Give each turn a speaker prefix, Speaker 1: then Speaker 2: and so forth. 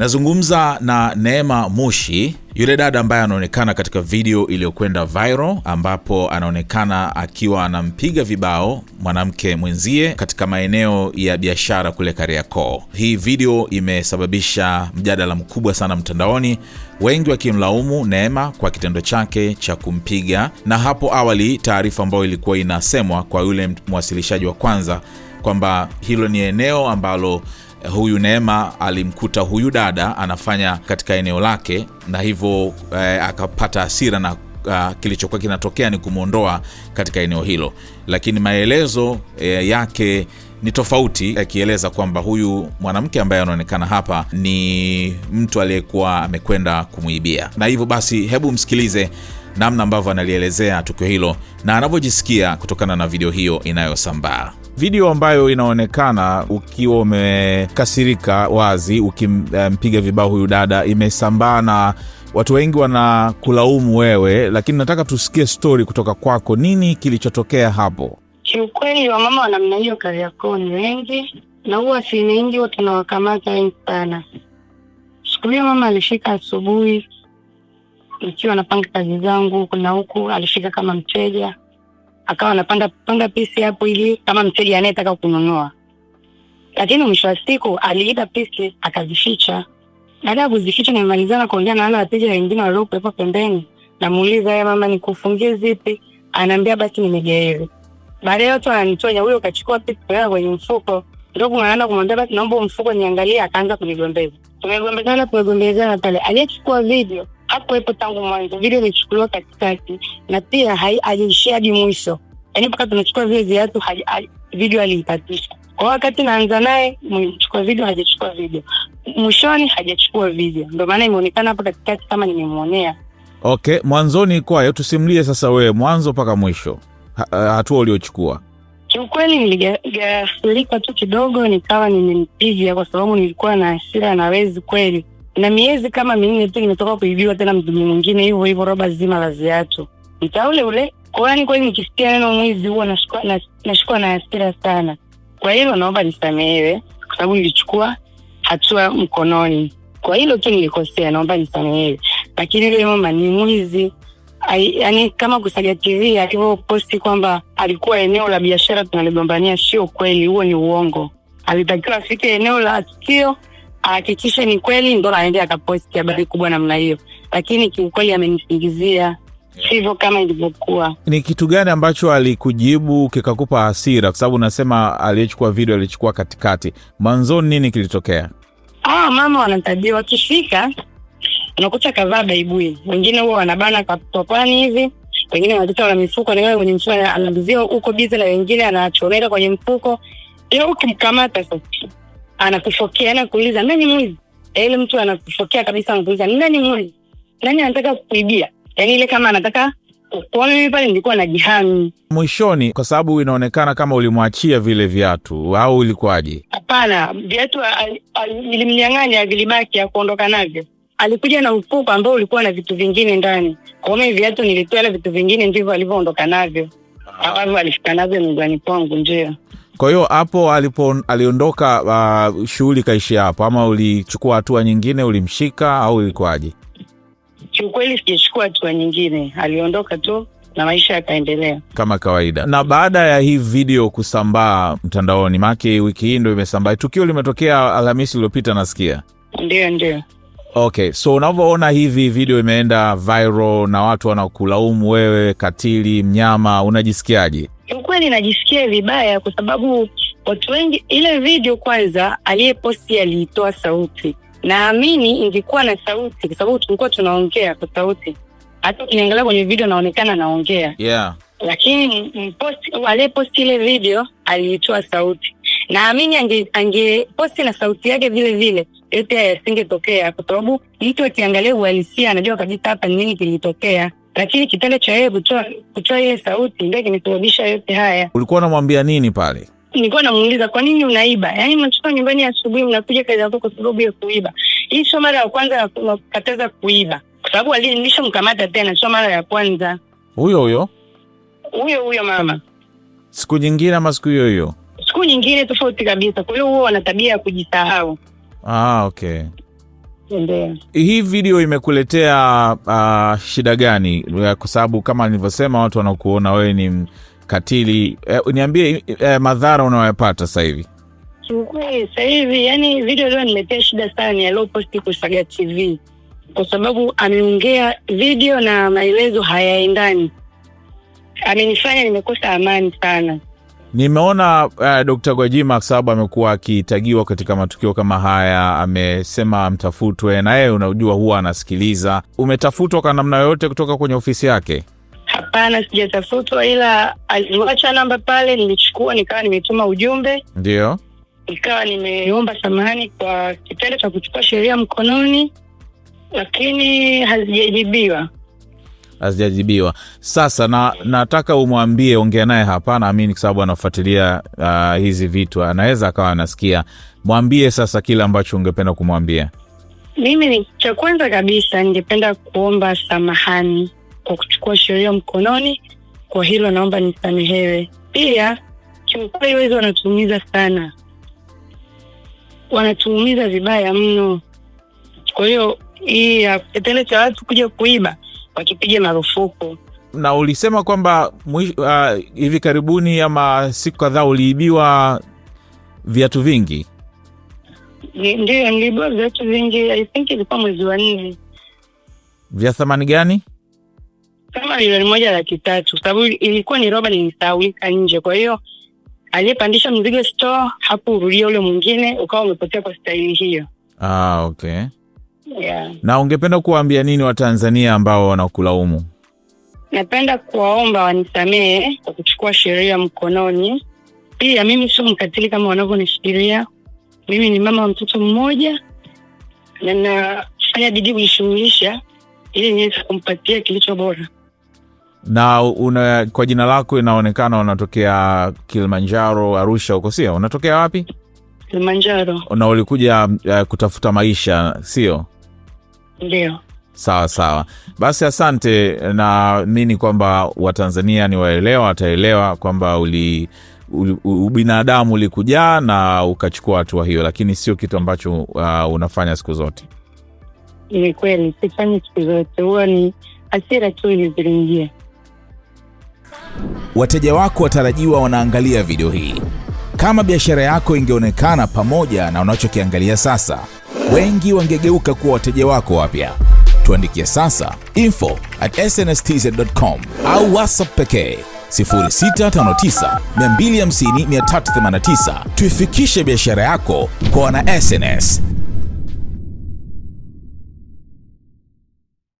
Speaker 1: Nazungumza na Neema Mushi, yule dada ambaye anaonekana katika video iliyokwenda viral, ambapo anaonekana akiwa anampiga vibao mwanamke mwenzie katika maeneo ya biashara kule Kariakoo. Hii video imesababisha mjadala mkubwa sana mtandaoni, wengi wakimlaumu Neema kwa kitendo chake cha kumpiga, na hapo awali taarifa ambayo ilikuwa inasemwa kwa yule mwasilishaji wa kwanza kwamba hilo ni eneo ambalo huyu Neema alimkuta huyu dada anafanya katika eneo lake, na hivyo eh, akapata hasira na Uh, kilichokuwa kinatokea ni kumwondoa katika eneo hilo, lakini maelezo eh, yake ni tofauti, akieleza kwamba huyu mwanamke ambaye anaonekana hapa ni mtu aliyekuwa amekwenda kumwibia, na hivyo basi, hebu msikilize namna ambavyo analielezea tukio hilo na anavyojisikia kutokana na video hiyo inayosambaa video ambayo inaonekana ukiwa umekasirika wazi, ukimpiga vibao huyu dada, imesambaa na watu wengi wanakulaumu wewe, lakini nataka tusikie stori kutoka kwako. Nini kilichotokea hapo?
Speaker 2: Kiukweli, wamama wa namna hiyo ni wengi na huwa sinengi huwa tunawakamata wengi sana. Siku hiyo mama alishika asubuhi, ikiwa napanga kazi zangu huku na huku, alifika kama mteja akawa anapanga panga pisi hapo hivi kama mteja anayetaka kununua, lakini mwisho wa siku aliiba pisi akazificha. Baada ya kuzificha, nimemalizana kuongea na wale wateja wengine waliokuwepo pembeni, namuuliza ye, eh, mama, nikufungie zipi? Anaambia basi nimejeeli. Baada ya yote ananitonya, huyo kachukua pisi kuweka kwenye mfuko, ndio kunaenda kumwambia basi naomba mfuko niangalie, akaanza kunigombeza. Tumegombezana tumegombezana pale, aliyechukua video hakuwepo tangu mwanzo, vile imechukuliwa katikati na pia hajaishia hadi mwisho, yaani mpaka tunachukua vile viatu video alimpatisha kwa wakati naanza naye mchukua video hajachukua video, mwishoni hajachukua video, ndio maana imeonekana hapo katikati kama nimemwonea.
Speaker 1: Okay, mwanzoni kwayo, tusimlie sasa wewe mwanzo mpaka mwisho, eh, hatua uliochukua.
Speaker 2: Kiukweli niligafurika tu kidogo, nikawa nimempiga kwa sababu nilikuwa na hasira na wezi kweli na miezi kama minne tu nimetoka kuibiwa tena mtu mwingine hivyo hivyo, roba zima la ziatu mtaa ule ule. Kwa hiyo kweli nikisikia neno mwizi huwa nashikwa na, nashikwa na hasira sana. Kwa hilo naomba nisamehewe, kwa sababu nilichukua hatua mkononi. Kwa hilo tu nilikosea, naomba nisamehewe, lakini yule mama ni mwizi. yani kama kusaga tv alivyoposti kwamba alikuwa eneo la biashara tunaligombania, sio kweli, huo ni uongo. Alitakiwa afike eneo la tukio ahakikishe ni kweli, ndo naende akaposti habari kubwa namna hiyo, lakini kiukweli amenisingizia sivyo kama ilivyokuwa.
Speaker 1: Ni kitu gani ambacho alikujibu kikakupa hasira? Kwa sababu unasema aliyechukua video alichukua katikati, mwanzoni nini kilitokea?
Speaker 2: Ah, mama wanatabia wakifika unakuta kavaa baibui, wengine huwa wanabana kapani hivi, wengine wanatuta wana mifuko na kwenye mfuko anamzia huko bize, na wengine anachomeka kwenye mfuko, ukimkamata sasa anakufokea na kuuliza nani mwizi yule yaani mtu anakufokea kabisa anakuuliza nani mwizi nani anataka kukuibia yani ile kama anataka kuona mimi pale nilikuwa na jihami
Speaker 1: mwishoni, kwa sababu inaonekana kama ulimwachia vile viatu au ulikuwaje?
Speaker 2: Hapana, viatu nilimnyang'anya, vilibaki ya kuondoka navyo. Alikuja na mfuko ambao ulikuwa na vitu vingine ndani. Kwa mimi viatu nilitoa, ila vitu vingine ndivyo alivyoondoka navyo, ambavyo alifika navyo nyumbani kwangu, ndio
Speaker 1: kwa hiyo hapo alipo aliondoka, uh, shughuli kaishia hapo, ama ulichukua hatua nyingine, ulimshika au ilikuwaje?
Speaker 2: Kiukweli sijachukua hatua nyingine, aliondoka tu na maisha yakaendelea
Speaker 1: kama kawaida. Na baada ya hii video kusambaa mtandaoni, maake wiki hii ndo imesambaa, tukio limetokea Alhamisi iliyopita, nasikia. Ndio, ndio. Okay, so unavyoona hivi video imeenda viral na watu wanakulaumu wewe katili, mnyama, unajisikiaje?
Speaker 2: Kiukweli najisikia vibaya kwa sababu watu wengi, ile video kwanza aliyeposti aliitoa sauti, naamini ingekuwa na sauti kwa sababu tulikuwa tunaongea kwa sauti, hata ukiniangalia kwenye video naonekana naongea yeah. Lakini aliyeposti ile video aliitoa sauti, naamini angeposti ange na sauti yake vile vile yote haya yasingetokea, kwa sababu mtu akiangalia uhalisia anajua kabisa hapa nini kilitokea lakini kitendo cha yeye kutoa kutoa ile sauti ndio kimesababisha yote haya.
Speaker 1: Ulikuwa unamwambia nini pale?
Speaker 2: Nilikuwa namuuliza kwa nini unaiba, yaani mnachukua nyumbani asubuhi mnakuja kazi yako kwa sababu ya kuiba. Hii sio mara ya kwanza nakukataza kuiba, kwa sababu nilishamkamata tena, sio mara ya kwanza. Huyo huyo huyo huyo mama,
Speaker 1: siku nyingine ama siku hiyo hiyo,
Speaker 2: siku nyingine tofauti kabisa. Kwa hiyo huo wana tabia ya kujisahau.
Speaker 1: Ah, okay kutembea. Hii video imekuletea uh, shida gani? Kwa sababu kama nilivyosema, watu wanakuona wewe ni katili. Eh, niambie eh, madhara unayoyapata sasa hivi.
Speaker 2: Kiukweli sasa hivi, yani video leo nimetia shida sana, ni alioposti Kusaga TV kwa sababu ameongea video na maelezo hayaendani, amenifanya nimekosa amani sana
Speaker 1: Nimeona uh, eh, Dkt. Gwajima kwa sababu amekuwa akitagiwa katika matukio kama haya, amesema amtafutwe na yeye unajua, huwa anasikiliza. Umetafutwa kwa namna yoyote kutoka kwenye ofisi yake?
Speaker 2: Hapana, sijatafutwa, ila aliwacha namba pale, nilichukua nikawa nimetuma ujumbe, ndio nikawa nimeomba samahani kwa kitendo cha kuchukua sheria mkononi, lakini hazijajibiwa
Speaker 1: hazijajibiwa. Sasa na, nataka umwambie, ongea naye hapa, naamini kwa sababu anafuatilia uh, hizi vitu, anaweza akawa anasikia. Mwambie sasa kile ambacho ungependa kumwambia.
Speaker 2: Mimi ni cha kwanza kabisa, ningependa kuomba samahani kwa kuchukua sheria mkononi. Kwa hilo naomba nisamehewe. Pia kimkweli, wezi wanatuumiza sana, wanatuumiza vibaya mno, kwa hiyo hii ya kitendo cha watu kuja kuiba wakipiga marufuku
Speaker 1: na ulisema kwamba uh, hivi karibuni ama siku kadhaa uliibiwa viatu vingi.
Speaker 2: ndio niliibiwa viatu vingi, I think ilikuwa mwezi wa nne.
Speaker 1: Vya thamani gani?
Speaker 2: Kama milioni moja laki tatu, sababu ilikuwa ni roba lilisaulika nje. Kwa hiyo aliyepandisha mzigo store hapo, urudia ule mwingine ukawa umepotea kwa staili hiyo.
Speaker 1: Ah, okay yeah. Na ungependa kuwaambia nini Watanzania ambao wanakulaumu?
Speaker 2: Napenda kuwaomba wanisamehe kwa kuchukua sheria mkononi. Pia mimi sio mkatili kama wanavyonishikilia. Mimi ni mama wa mtoto mmoja na nafanya bidii kujishughulisha ili niweze kumpatia kilicho bora.
Speaker 1: Na una, kwa jina lako inaonekana unatokea Kilimanjaro, Arusha huko, sio? Unatokea wapi?
Speaker 2: Kilimanjaro.
Speaker 1: Na ulikuja uh, kutafuta maisha, sio? Ndio. Sawa sawa, basi asante. Naamini kwamba Watanzania ni waelewa, wataelewa kwamba uli ubinadamu ulikujaa na ukachukua hatua hiyo, lakini sio kitu ambacho uh, unafanya siku zote.
Speaker 2: Ni kweli, sifanyi siku zote, huwa ni hasira tu ilizilingia.
Speaker 3: Wateja wako watarajiwa wanaangalia video hii. Kama biashara yako ingeonekana pamoja na unachokiangalia sasa wengi wangegeuka kuwa wateja wako wapya. Tuandikie sasa info at snstz.com au whatsapp pekee 0659 250 389. Tuifikishe biashara yako kwa wana SNS.